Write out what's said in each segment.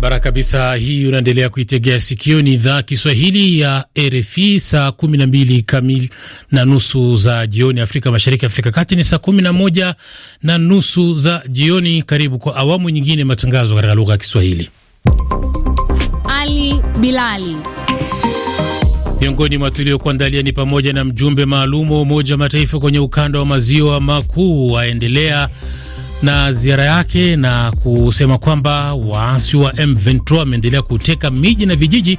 Barabara kabisa, hii unaendelea kuitegea sikio, ni idhaa Kiswahili ya RFI. Saa kumi na mbili kamili na nusu za jioni Afrika Mashariki, Afrika Kati ni saa kumi na moja na nusu za jioni. Karibu kwa awamu nyingine matangazo katika lugha ya Kiswahili. Ali Bilali miongoni mwa tuliokuandalia ni pamoja na mjumbe maalum wa Umoja wa Mataifa kwenye ukanda wa maziwa makuu aendelea na ziara yake na kusema kwamba waasi wa M23 wameendelea kuteka miji na vijiji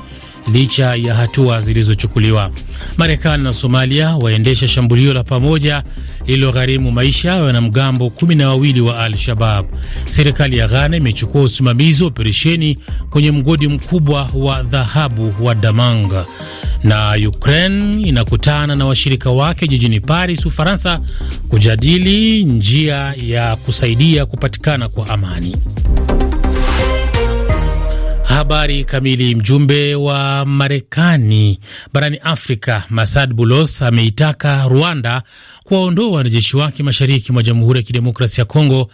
licha ya hatua zilizochukuliwa. Marekani na Somalia waendesha shambulio la pamoja lililogharimu maisha ya wanamgambo kumi na wawili wa Al-Shabab. Serikali ya Ghana imechukua usimamizi wa operesheni kwenye mgodi mkubwa wa dhahabu wa Damanga na Ukraine inakutana na washirika wake jijini Paris, Ufaransa, kujadili njia ya kusaidia kupatikana kwa amani. Habari kamili. Mjumbe wa Marekani barani Afrika Masad Bulos ameitaka Rwanda kuwaondoa wanajeshi wake mashariki mwa Jamhuri ya Kidemokrasia ya Kongo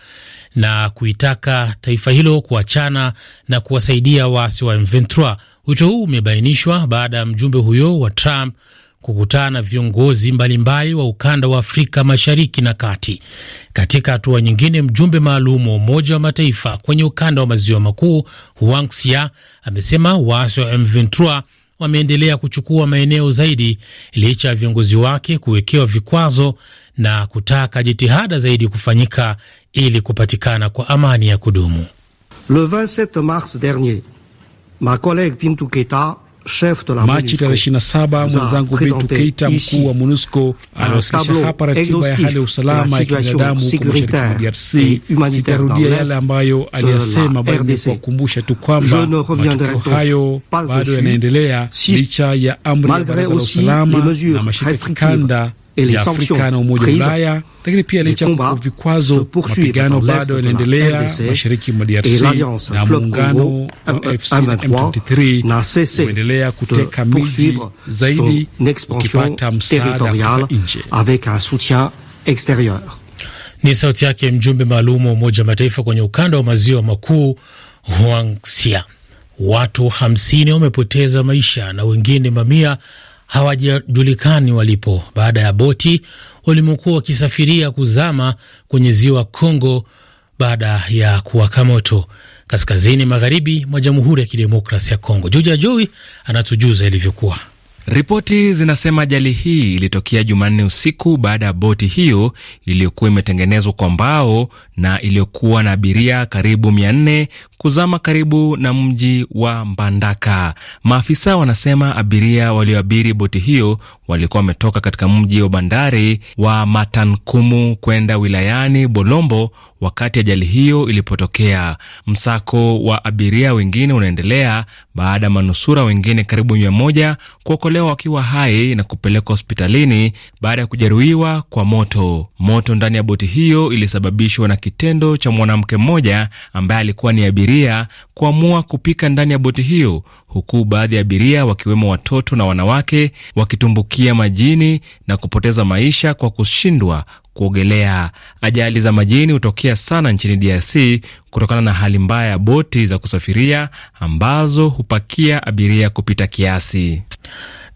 na kuitaka taifa hilo kuachana na kuwasaidia waasi wa M23 Wito huu umebainishwa baada ya mjumbe huyo wa Trump kukutana na viongozi mbalimbali wa ukanda wa Afrika Mashariki na Kati. Katika hatua nyingine, mjumbe maalum wa Umoja wa Mataifa kwenye ukanda wa maziwa makuu Huang Xia amesema waasi wa M23 wameendelea kuchukua maeneo zaidi licha ya viongozi wake kuwekewa vikwazo na kutaka jitihada zaidi kufanyika ili kupatikana kwa amani ya kudumu. Le 27 mars dernier Machi tarehe 27 mwenzangu Bintu Keita, mkuu wa MONUSCO, aliwasilisha hapa ratiba ya hali ya usalama ya kibinadamu huko mashariki mwa DRC. Sitarudia yale ambayo aliyasema, bali ni kuwakumbusha tu kwamba matukio hayo bado yanaendelea licha ya amri ya baraza la usalama na mashirika kikanda ya Afrika na Umoja wa Ulaya, lakini pia licha ya vikwazo, mapigano bado yanaendelea mashariki mwa DRC na muungano wa FC M23 umeendelea kuteka miji zaidi ukipata msaada kutoka nje. Ni sauti yake mjumbe maalum wa Umoja wa Mataifa kwenye ukanda wa maziwa makuu Huang Xia. Watu 50 wamepoteza maisha na wengine mamia hawajajulikani walipo baada ya boti walimokuwa wakisafiria kuzama kwenye ziwa Kongo baada ya kuwaka moto kaskazini magharibi mwa Jamhuri ya kidemokrasi ya Kongo. Juja Joi anatujuza ilivyokuwa. Ripoti zinasema ajali hii ilitokea Jumanne usiku baada ya boti hiyo iliyokuwa imetengenezwa kwa mbao na iliyokuwa na abiria karibu mia nne kuzama karibu na mji wa Mbandaka. Maafisa wanasema abiria walioabiri boti hiyo walikuwa wametoka katika mji wa bandari wa Matankumu kwenda wilayani Bolombo wakati ajali hiyo ilipotokea. Msako wa abiria wengine unaendelea baada ya manusura wengine karibu mia moja kuokolewa wakiwa hai na kupelekwa hospitalini baada ya kujeruhiwa kwa moto. Moto ndani ya boti hiyo ilisababishwa na kitendo cha mwanamke mmoja ambaye alikuwa ni abiria abiria kuamua kupika ndani ya boti hiyo, huku baadhi ya abiria wakiwemo watoto na wanawake wakitumbukia majini na kupoteza maisha kwa kushindwa kuogelea. Ajali za majini hutokea sana nchini DRC kutokana na hali mbaya ya boti za kusafiria ambazo hupakia abiria kupita kiasi.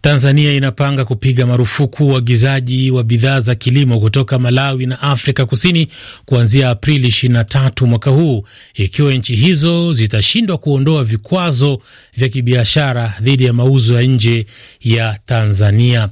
Tanzania inapanga kupiga marufuku uagizaji wa, wa bidhaa za kilimo kutoka Malawi na Afrika Kusini kuanzia Aprili 23 mwaka huu ikiwa nchi hizo zitashindwa kuondoa vikwazo vya kibiashara dhidi ya mauzo ya nje ya Tanzania.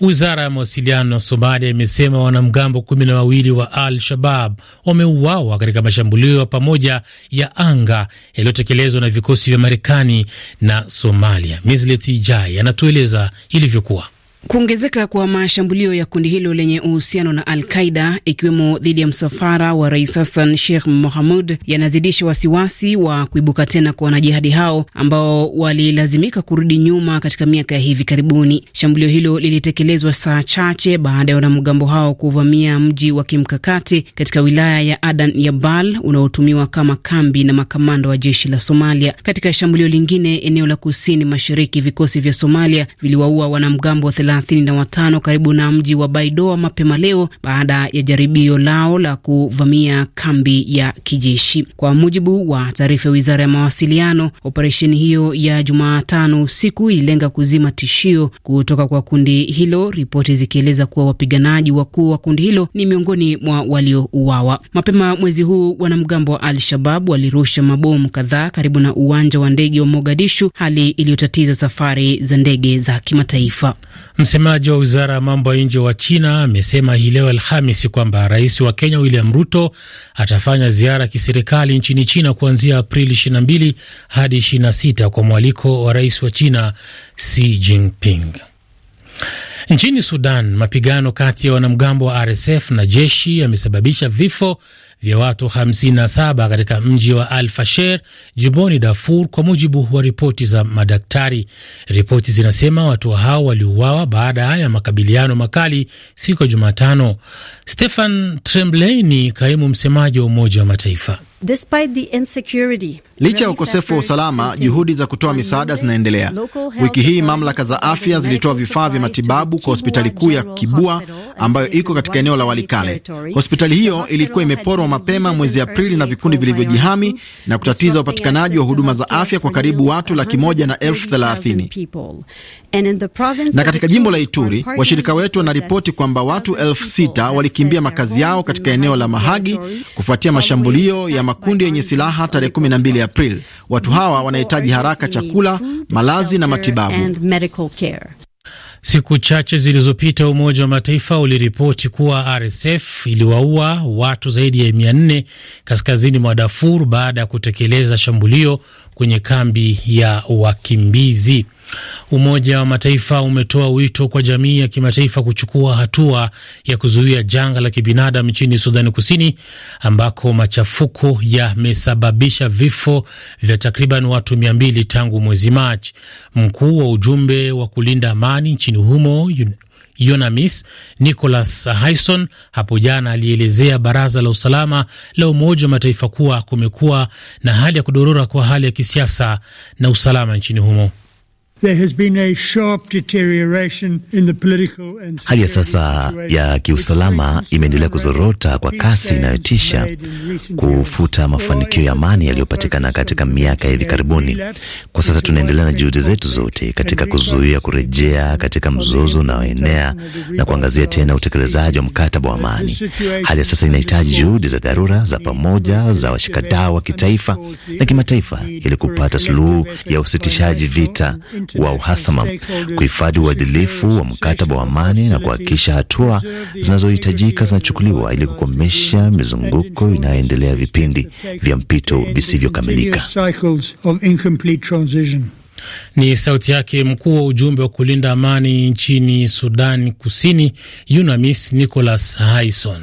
Wizara ya mawasiliano ya Somalia imesema wanamgambo kumi na wawili wa Al Shabab wameuawa katika mashambulio ya pamoja ya anga yaliyotekelezwa na vikosi vya Marekani na Somalia. Mislet Ijai anatueleza ilivyokuwa. Kuongezeka kwa mashambulio ya kundi hilo lenye uhusiano na Al Qaida ikiwemo dhidi ya msafara wa Rais Hassan Sheikh Mohamud yanazidisha wasiwasi wa kuibuka tena kwa wanajihadi hao ambao walilazimika kurudi nyuma katika miaka ya hivi karibuni. Shambulio hilo lilitekelezwa saa chache baada ya wanamgambo hao kuvamia mji wa kimkakati katika wilaya ya Adan Yabal unaotumiwa kama kambi na makamanda wa jeshi la Somalia. Katika shambulio lingine eneo la kusini mashariki, vikosi vya Somalia viliwaua wanamgambo 35 karibu na mji wa Baidoa mapema leo baada ya jaribio lao la kuvamia kambi ya kijeshi. Kwa mujibu wa taarifa ya wizara ya mawasiliano, operesheni hiyo ya Jumatano usiku ililenga kuzima tishio kutoka kwa kundi hilo, ripoti zikieleza kuwa wapiganaji wakuu wa kundi hilo ni miongoni mwa waliouawa. Mapema mwezi huu wanamgambo wa Al-Shabab walirusha mabomu kadhaa karibu na uwanja wa ndege wa Mogadishu, hali iliyotatiza safari za ndege za kimataifa. Msemaji wa wizara ya mambo ya nje wa China amesema hii leo Alhamisi kwamba rais wa Kenya William Ruto atafanya ziara ya kiserikali nchini China kuanzia Aprili 22 hadi 26 kwa mwaliko wa rais wa China Xi Jinping. Nchini Sudan, mapigano kati ya wanamgambo wa RSF na jeshi yamesababisha vifo vya watu 57 katika mji wa Al Fasher jimboni Darfur, kwa mujibu wa ripoti za madaktari. Ripoti zinasema watu hao waliuawa baada ya makabiliano makali siku ya Jumatano. stehan Tremblay ni kaimu msemaji wa Umoja wa Mataifa. Licha ya ukosefu wa usalama, juhudi za kutoa misaada zinaendelea. Wiki hii mamlaka za afya zilitoa vifaa vya matibabu kwa hospitali kuu ya Kibua ambayo iko katika eneo la Walikale. Hospitali hiyo ilikuwa imeporwa mapema mwezi Aprili na vikundi vilivyojihami na kutatiza upatikanaji wa huduma za afya kwa karibu watu laki moja na elfu thelathini. Na katika jimbo la Ituri, washirika wetu wanaripoti kwamba watu elfu sita walikimbia makazi yao katika eneo la Mahagi kufuatia mashambulio ya makundi yenye silaha tarehe 12 Aprili. Watu hawa wanahitaji haraka chakula, malazi na matibabu. Siku chache zilizopita Umoja wa Mataifa uliripoti kuwa RSF iliwaua watu zaidi ya mia nne kaskazini mwa Darfur baada ya kutekeleza shambulio kwenye kambi ya wakimbizi. Umoja wa Mataifa umetoa wito kwa jamii ya kimataifa kuchukua hatua ya kuzuia janga la kibinadamu nchini Sudani Kusini, ambako machafuko yamesababisha vifo vya takriban watu mia mbili tangu mwezi Machi. Mkuu wa ujumbe wa kulinda amani nchini humo Yonamis Nicholas Hayson hapo jana alielezea baraza la usalama la Umoja wa Mataifa kuwa kumekuwa na hali ya kudorora kwa hali ya kisiasa na usalama nchini humo. Hali ya sasa ya kiusalama imeendelea kuzorota kwa kasi inayotisha kufuta mafanikio ya amani yaliyopatikana katika miaka ya hivi karibuni. Kwa sasa tunaendelea na juhudi zetu zote katika kuzuia kurejea katika mzozo unaoenea na kuangazia tena utekelezaji wa mkataba wa amani. Hali ya sasa inahitaji juhudi za dharura za pamoja za washikadau wa kitaifa na kimataifa ili kupata suluhu ya usitishaji vita wa uhasama, kuhifadhi uadilifu wa mkataba wa amani na kuhakikisha hatua zinazohitajika zinachukuliwa ili kukomesha mizunguko inayoendelea vipindi vya mpito visivyokamilika. Ni sauti yake mkuu wa ujumbe wa kulinda amani nchini Sudan Kusini, UNAMIS Nicholas haison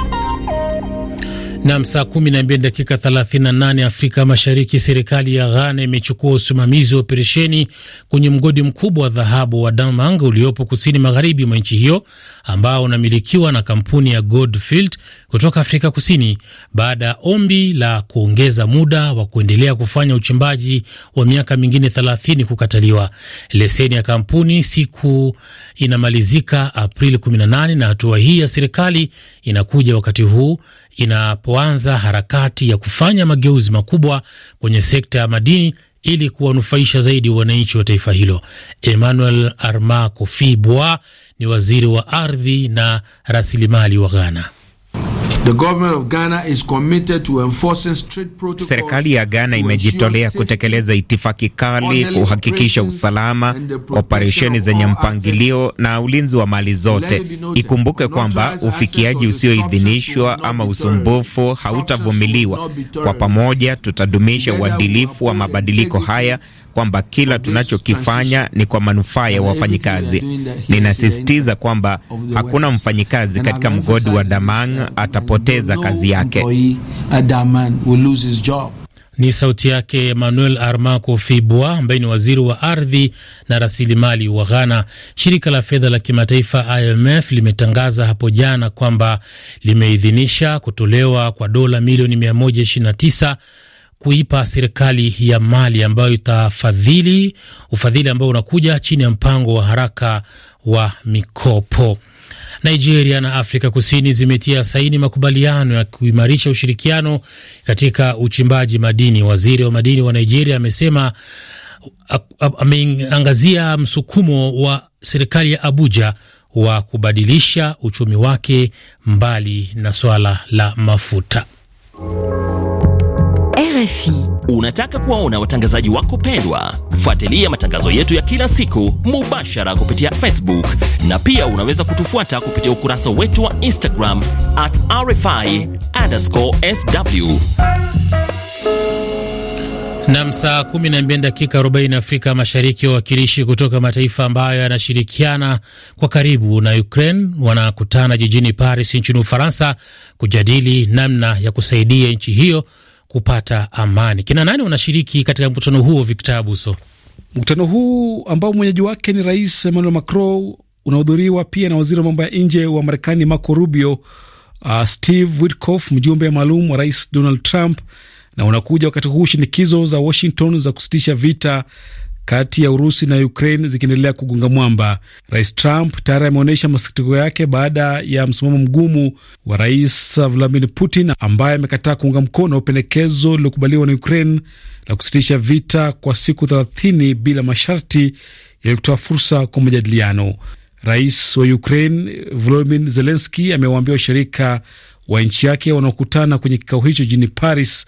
Nam, saa mbili dakika 38 Afrika Mashariki. Serikali ya Ghana imechukua usimamizi wa operesheni kwenye mgodi mkubwa wa dhahabu wa Damang uliopo kusini magharibi mwa nchi hiyo ambao unamilikiwa na kampuni ya Goldfield kutoka Afrika Kusini baada ya ombi la kuongeza muda wa kuendelea kufanya uchimbaji wa miaka mingine thelathini kukataliwa. Leseni ya kampuni siku inamalizika Aprili 18 na hatua hii ya serikali inakuja wakati huu inapoanza harakati ya kufanya mageuzi makubwa kwenye sekta ya madini ili kuwanufaisha zaidi wananchi wa taifa hilo. Emmanuel Arma Kofi Bwa ni waziri wa ardhi na rasilimali wa Ghana. Serikali ya Ghana imejitolea kutekeleza itifaki kali kuhakikisha usalama, operesheni zenye mpangilio na ulinzi wa mali zote. Ikumbuke kwamba ufikiaji usioidhinishwa ama usumbufu hautavumiliwa. Kwa pamoja, tutadumisha uadilifu wa mabadiliko haya kwamba kila tunachokifanya ni kwa manufaa ya wafanyikazi. Ninasisitiza kwamba hakuna mfanyikazi katika mgodi wa Damang uh, atapoteza kazi yake. Ni sauti yake Emmanuel armaco Kofi ambaye ni waziri wa ardhi na rasilimali wa Ghana. Shirika la fedha la kimataifa IMF limetangaza hapo jana kwamba limeidhinisha kutolewa kwa dola milioni 129 kuipa serikali ya Mali ambayo itafadhili ufadhili ambao unakuja chini ya mpango wa haraka wa mikopo. Nigeria na Afrika Kusini zimetia saini makubaliano ya kuimarisha ushirikiano katika uchimbaji madini. Waziri wa madini wa Nigeria amesema ameangazia msukumo wa serikali ya Abuja wa kubadilisha uchumi wake mbali na swala la mafuta. RFI. Unataka kuwaona watangazaji wako pendwa? Fuatilia matangazo yetu ya kila siku mubashara kupitia Facebook na pia unaweza kutufuata kupitia ukurasa wetu wa Instagram at RFI underscore sw. Nam, saa 12 dakika 40 Afrika Mashariki. Wawakilishi kutoka mataifa ambayo yanashirikiana kwa karibu na Ukraine wanakutana jijini Paris nchini Ufaransa kujadili namna ya kusaidia nchi hiyo kupata amani. Kina nani wanashiriki katika mkutano huo, Victor Abuso? Mkutano huu ambao mwenyeji wake ni Rais Emmanuel Macron unahudhuriwa pia na waziri wa mambo ya nje wa Marekani Marco Rubio, uh, Steve Witkoff mjumbe maalum wa Rais Donald Trump, na unakuja wakati huu shinikizo za Washington za kusitisha vita kati ya Urusi na Ukraine zikiendelea kugonga mwamba. Rais Trump tayari ameonyesha masikitiko yake baada ya msimamo mgumu wa Rais Vladimir Putin ambaye amekataa kuunga mkono pendekezo lililokubaliwa na Ukraine la kusitisha vita kwa siku 30 bila masharti yaliyotoa fursa kwa majadiliano. Rais wa Ukraine Volodymyr Zelensky amewaambia washirika wa nchi yake wanaokutana kwenye kikao hicho jijini Paris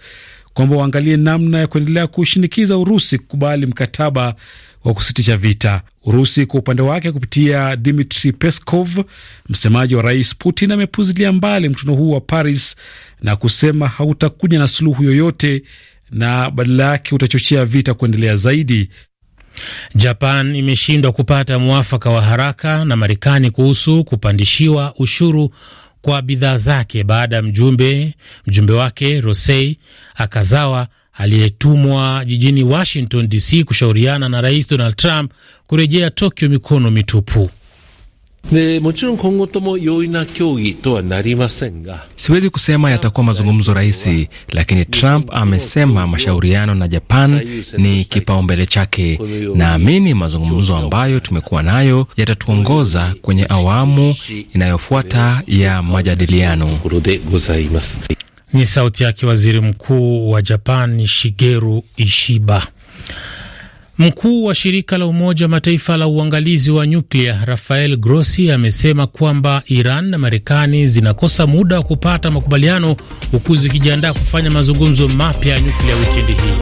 kwamba waangalie namna ya kuendelea kushinikiza Urusi kukubali mkataba wa kusitisha vita. Urusi kwa upande wake, kupitia Dmitri Peskov, msemaji wa rais Putin, amepuzilia mbali mkutano huu wa Paris na kusema hautakuja na suluhu yoyote na badala yake utachochea vita kuendelea zaidi. Japan imeshindwa kupata mwafaka wa haraka na Marekani kuhusu kupandishiwa ushuru kwa bidhaa zake baada ya mjumbe mjumbe wake Rosei Akazawa aliyetumwa jijini Washington DC kushauriana na Rais Donald Trump kurejea Tokyo mikono mitupu. Siwezi kusema yatakuwa mazungumzo rahisi, lakini Trump amesema mashauriano na Japan ni kipaumbele chake. Naamini mazungumzo ambayo tumekuwa nayo yatatuongoza kwenye awamu inayofuata ya majadiliano. Ni sauti yake waziri mkuu wa Japan Shigeru Ishiba. Mkuu wa shirika la Umoja wa Mataifa la uangalizi wa nyuklia Rafael Grossi amesema kwamba Iran na Marekani zinakosa muda wa kupata makubaliano huku zikijiandaa kufanya mazungumzo mapya ya nyuklia wikendi hii.